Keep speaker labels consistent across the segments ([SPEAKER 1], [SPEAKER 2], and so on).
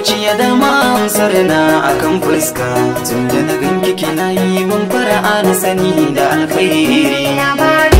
[SPEAKER 1] zuciya da amsar na kan fuska tun da na ganki kina yi mun fara'a na sani da alkhairi labari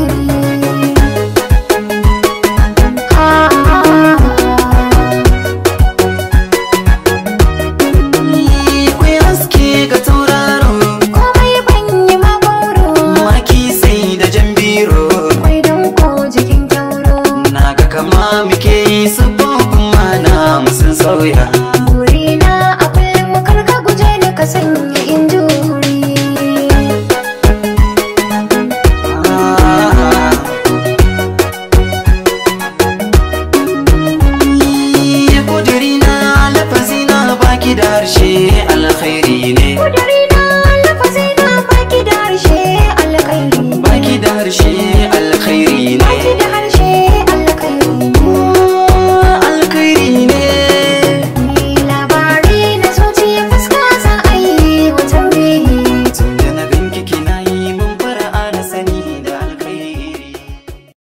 [SPEAKER 1] sun sauya burina a kullum karka guje da ka sanya in juri Kudirina lafazina baki da harshe alkhairi ne